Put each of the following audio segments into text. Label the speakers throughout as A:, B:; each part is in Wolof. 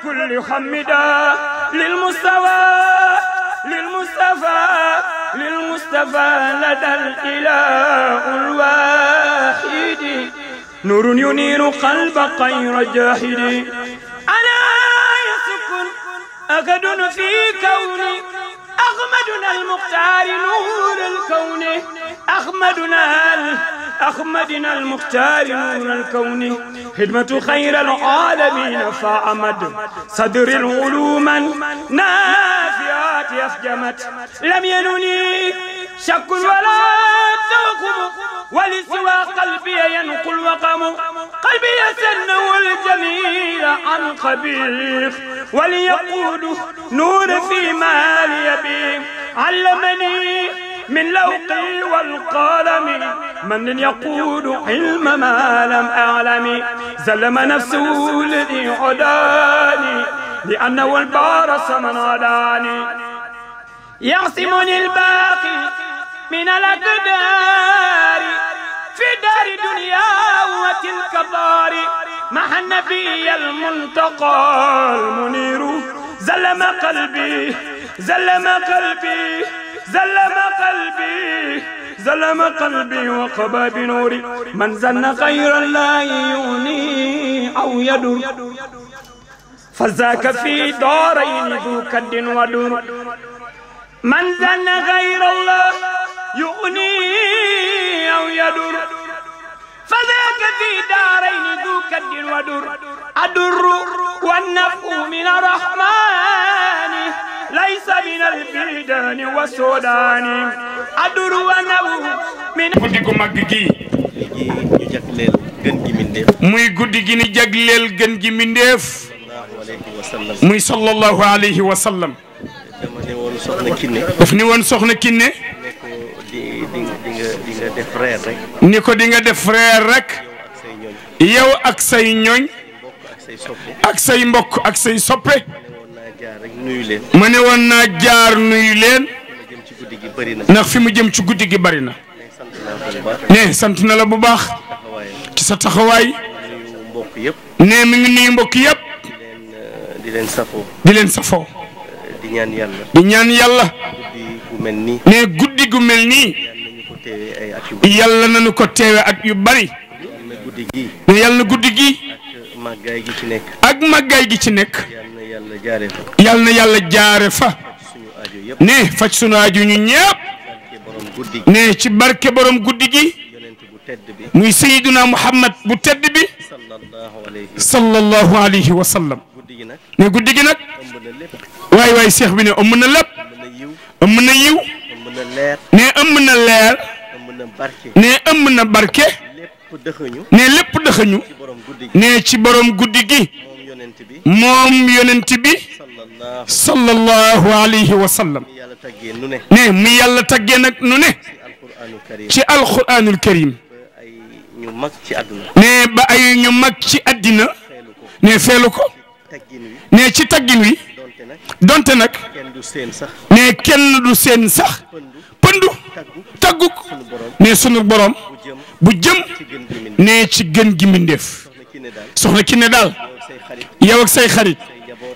A: وكل حمدا للمستوى للمصطفى للمصطفى لدى الإله الواحد نور ينير قلب غير جاحد أنا يسكن أكد في كوني أغمدنا المختار نور الكون أغمدنا أخمدنا المختار نور الكون خدمة خير العالمين فأمد صدر العلوم نافعات أفجمت لم ينني شك ولا توقم ولسوى قلبي ينقل وقم قلبي يسنه الجميل عن قبيح وليقود نور في مالي بي علمني من لوقي والقلم من يقود علم ما لم أعلم زلم نفسه الذي عداني لأنه البارس من عداني يعصمني الباقي من الأقدار في دار دنيا وتلك الدار مع النبي المنتقى المنير زلم قلبي زلم قلبي زلم قلبي زلم قلبي وقبى بنوري من زن خيرا لا يغني أو يدر فذاك في دارين ذو كد ودور من زن غير الله يغني أو يدر فذاك في دارين ذو كد ودر أدر والنفع من الرحمن ليس من البلدان والسودان aduru wa nawu
B: guddi muy guddi gi jagleel gën gi mindeef muy sallallahu alayhi wa soxna kinne daf ni woon soxna kinne ne rek ni ko di nga def reer rek yow ak say ñooñ ak say mbokk ak say soppe ma ne woon naa jaar nuyu leen ndax fi mu jëm ci guddi gi bari na ne sant na la bu baax ci sa taxawaay ne mi ngi nuyu mbokk yëpp di leen safoo uh, di leen safoo di ñaan yàlla di ñaan yàlla ne guddi gu mel nii yàlla na ñu ko teewe at yu bari ne yàlla na guddi gi ak màggaay gi ci nekk yàlla na yàlla jaare fa ne faj sunu aju ñu ñëpp ne ci barke borom guddi gi muy sayyiduna Muhammad bu tedd bi sallallahu alayhi wa sallam ne guddi gi nag waay waay seex bi ne ëmb na lépp ëmb na yiw ne ëmb na leer ne ëmb na barke ne lépp dëxëñu ne ci borom guddi gi moom yonent bi sallallahu alayhi wa sallam ne mu yàlla taggee nag nu ne ci alquranul karim ne ba ay ñu mag ci àddina ne feelu ko ne ci taggin wi donte nag ne kenn du seen sax pëndu tagguk ne sunu borom bu jëm ne ci gën gi mbindéef soxna ki ne daal yow ak say xarit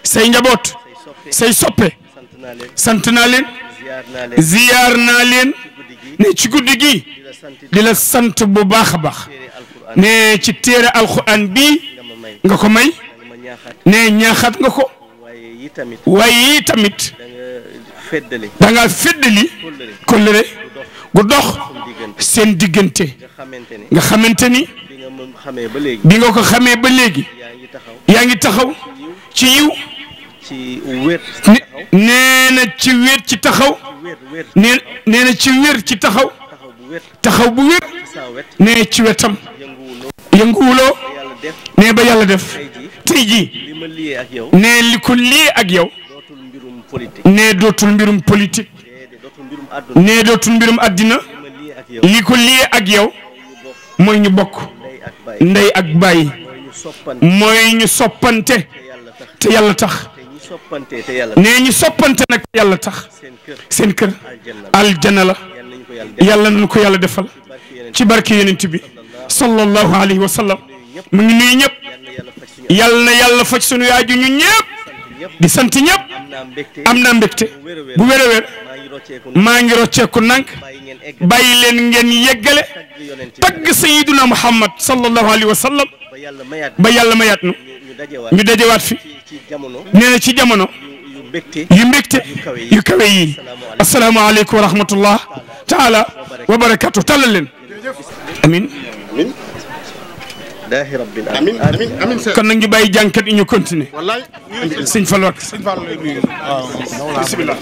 B: say njaboot say soppe sant naa leen ziyaar naa leen ne ci guddi gi di la sant bu baax a baax ne ci téere alquran bii nga ko may ne ñaaxaat nga ko waaye yi tamit da nga feddali kóllëre gu dox seen diggante nga xamante ni bi nga ko xamee ba léegi yaa ngi taxaw ci yiw ci wér na ci wér ci taxaw nee nee ci wér ci taxaw taxaw bu wér nee ci wetam yënguwuloo nee ba yàlla def tey jii nee li ko lii ak yow nee dootul mbirum politique nee dootul mbirum àddina li ko lii ak yow mooy ñu bokk ndey ak bàyyi mooy ñu soppante te yàlla tax nee ñu soppante nag te yàlla tax seen kër aljana la yàlla nañu ko yàlla defal ci barke yonent bi sallallahu alayhi wa sallam mu ngi nuyu ñëpp yàlla na yàlla faj sunu yaaju ñun ñëpp di sant ñëpp am na mbégte bu wér a wér maa ngi rocceeku nank bàyyi leen ngeen yeggale tagg sayiduna muhammad sallallahu alayhi wa sallam ba yàlla mayaat nu ñu dajewaat fi nee na ci jamono yu mbégte yu kawe yi asalaamaaleykum wa rahmatullah taala wa barakatu tàllal leen amin amin amin amin kon nag ñu bàyyi jànkat yi ñu continuer sëñ Fallu ak sëñ Fallu bismillah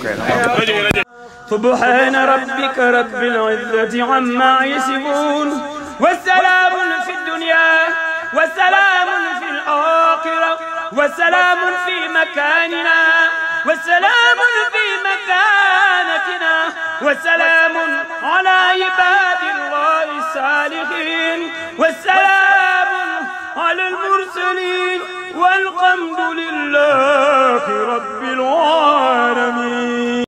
A: subhana rabbika rabbil izzati amma yasifun wa salamun وسلام في مكاننا وسلام في مكانتنا وسلام على عباد الله الصالحين والسلام على المرسلين والحمد لله رب العالمين